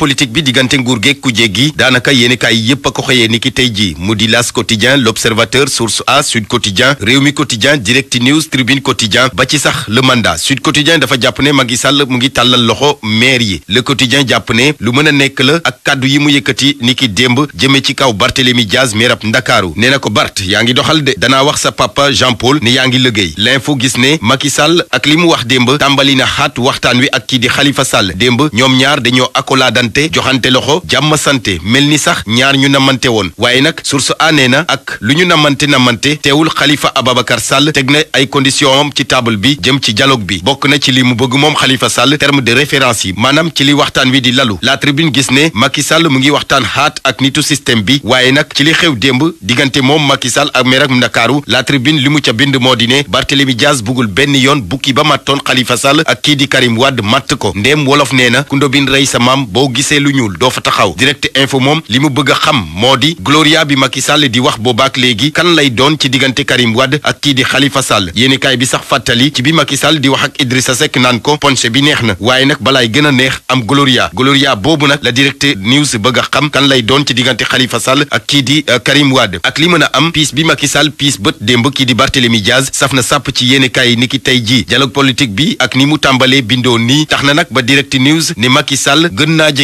politique bi diggante nguur geeg ku jéggi daanaka yéenekaay yépp a ko xëyee ni ki tey ji mu di L'As quotidien L'Observateur Source A Sud Quotidien Rewmi Quotidien Direct News Tribune Quotidien ba ci sax Le Mandat Sud Quotidien dafa jàpp ne Macky Sall mu ngi tàllal loxo maire yi Le Quotidien jàpp ne lu mën a nekk la ak kàddu yi mu yëkkati ni ki démb jëmee ci kaw Barthélémy Diaz maire Ndakaaru nee na ko Bart yaa ngi doxal de danaa wax sa papa Jean Paul ne yaa ngi liggéey l'info gis ne Macky Sall ak li mu wax démb tàmbali na xaat waxtaan wi ak kii di Khalifa Sall démb ñoom ñaar jàppalante joxante loxo jàmm sante mel ni sax ñaar ñu namante woon waaye nag source aanee na ak lu ñu namante namante teewul Khalifa Ababacar Sall teg na ay condition ci taabal bi jëm ci dialogue bi bokk na ci li mu bëgg moom xalifa Sall terme de référence yi maanaam ci li waxtaan wi di lalu la tribune gis ne Macky Sall mu ngi waxtaan xaat ak nitu système bi waaye nag ci li xew démb diggante moom Macky Sall ak meeram Ndakaaru la tribune li mu ca bind moo di ne Barthélemy Diaz bugul benn yoon bukki ba màttoon Khalifa Sall ak kii di Karim Wade matt ko ndéem wolof nee na kundobin rey gisee lu ñuul doo fa taxaw direct info moom li mu bëgg a xam moo di gloria bi Macky Sall di wax boobaak léegi kan lay doon ci diggante Karim ak kii di Khalifa Sall yéenekaay bi sax fàttali ci bi Macky di wax ak Idrissa Seck naan ko ponche bi neex na waaye nag balaay gën a neex am gloria gloria boobu nag la direct news bëgg a xam kan lay doon ci diggante Khalifa Sall ak kii di euh, Karim ak li mën a am piis bi Macky piis bët démb kii di Barthélémy Diaz saf na sàpp ci yéenekaay ba direct news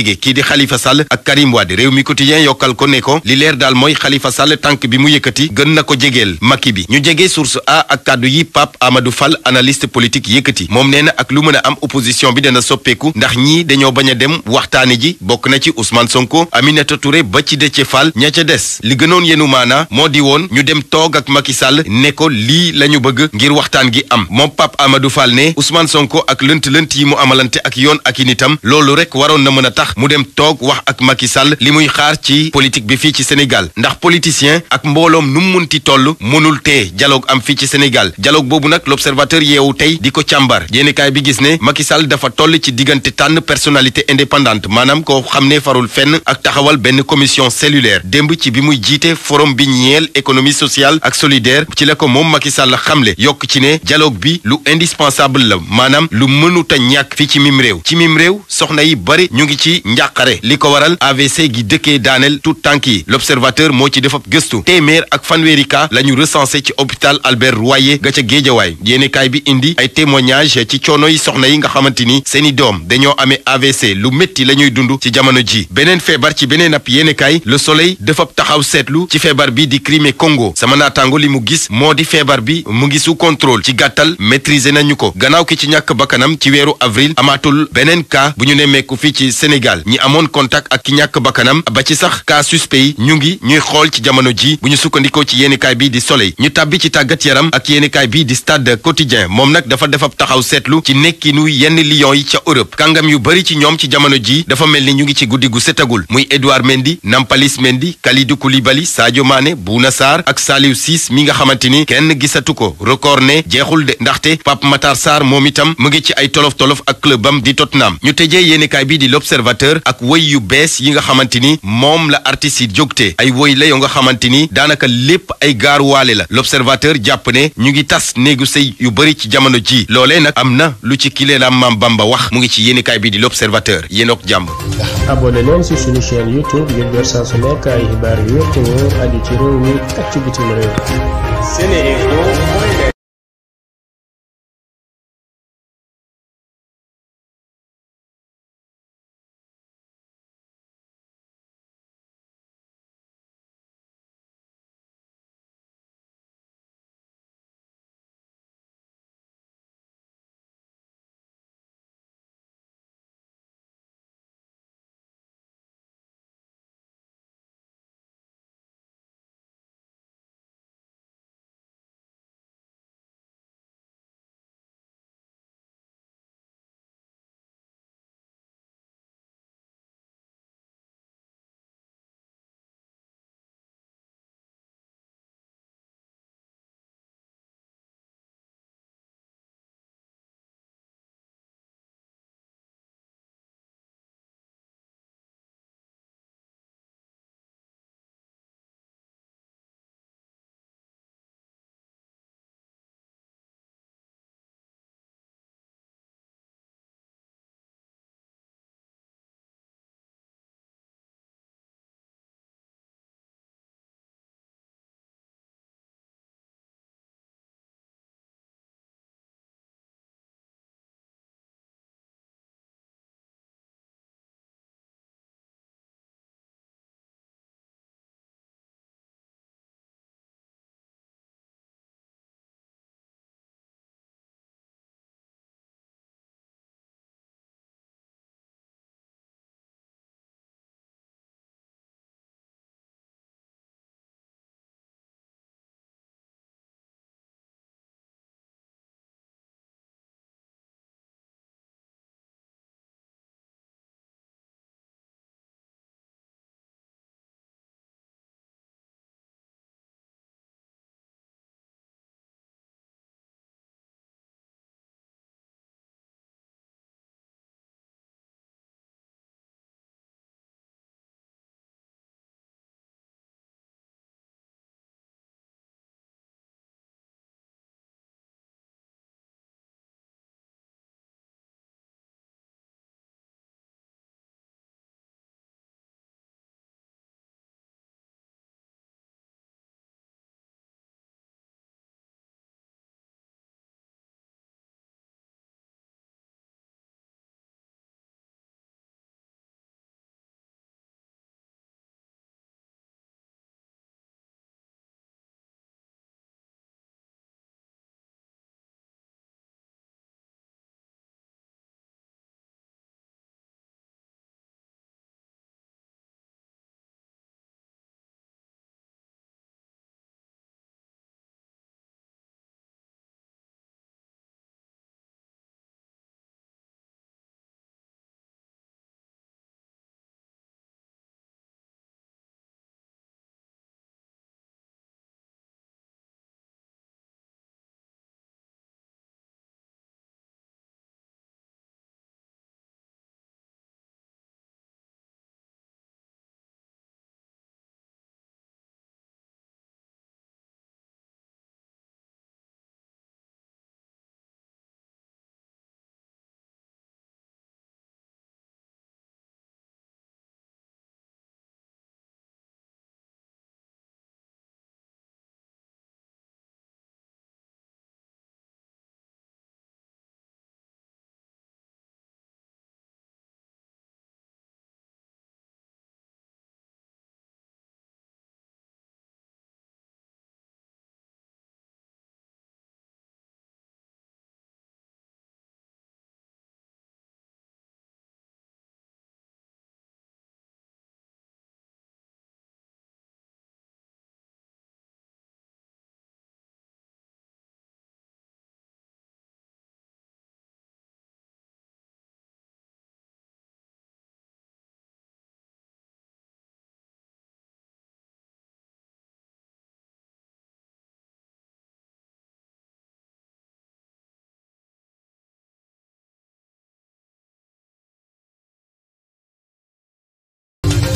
jege kii di Khalifa Sall ak Karim Wade réew mi quotidien yokkal ko ne ko li leer daal mooy Khalifa Sall tànk bi mu yëkkati gën na ko jegeel Macky bi ñu jege source a ak kàddu yi Pape Amadou Fall analyste politique yëkkati moom nee na ak lu mën a am opposition bi dana soppeeku ndax ñii dañoo bañ a dem waxtaane ji bokk na ci Ousmane Sonko Aminata Touré ba ci Déthié Fall ña des li gënoon yenu maanaa moo di woon ñu dem toog ak Macky Sall ne ko lii la ñu bëgg ngir waxtaan gi am moom Pape Amadou Fall ne Ousmane Sonko ak lënt yi mu amalante ak yoon ak a mu dem toog wax ak Macky Sall li muy xaar ci politique bi fii ci Sénégal ndax politicien ak mbooloom nu mu munti toll mënul tee jaloog am fii ci Sénégal dialogue boobu nag l'observateur yeewu tey di ko càmbar yéenekaay bi gis ne Macky Sall dafa toll ci diggante tànn personnalité indépendante maanaam koo xam ne farul fenn ak taxawal benn commission cellulaire démb ci bi muy jiite forum bi ñeel économie sociale ak solidaire ci la ko moom Macky Sall xamle yokk ci ne dialogue bi lu indispensable la maanaam lu mënuta ñàkk fii ci mim réew ci mim réew soxna di njàqare li ko waral AVC gi dëkkee daaneel tout tànk yi l'observateur moo ci defab gëstu téeméer ak fanweeri cas la ñu recensé ci hôpital Albert Royer ga ca Géejawaay yéenekaay bi indi ay témoignage ci coono yi soxna yi nga xamante ni seeni doom dañoo amee AVC lu métti la ñuy dund ci jamono ji beneen feebar ci beneen ab yéenekaay Le Soleil defab taxaw seetlu ci feebar bi di Crimée Congo sama naataango li mu gis moo di feebar bi mu ngi sous contrôle ci gàttal maîtriser nañu ko gannaaw ci ñàkk bakkanam ci weeru avril Sénégal ñi amoon contact ak ki ñàkk bakkanam ba ci sax cas suspect yi ñu ngi ñuy xool ci jamono ji bu ñu sukkandikoo ci yéenikaay bi di Soleil ñu tàbbi ci tàggat yaram ak yéenikaay bi di Stade Quotidien moom nag dafa defab taxaw seetlu ci nekkinu yenn lion yi ca Europe kàngam yu bari ci ñoom ci jamono ji dafa mel ni ñu ngi ci guddi gu setagul muy Edouard Mendy Nampalis Mendy Kalidou Koulibaly Sadio Mané Bouna Sarr ak Saliou Ciss mi nga xamante ni kenn gisatu ko record ne jeexul de ndaxte Pape Matar Sarr moom itam mu ngi ci ay tolof tolof ak clubam di Tottenham ñu amateur ak woy yu bees yi nga xamante ni moom la artistes yi jógtee ay woy la nga xamante ni daanaka lépp ay gaaruwaale la l'observateur jàpp ne ñu ngi tas néegu sëy yu bëri ci jamono ji loole nag am na lu ci kilee la maam Bamba wax mu ngi ci yéenikaay bi di l'observateur yéenook jàmm abonné leen ci suñu chaîne youtube ngir jot saa su yu wér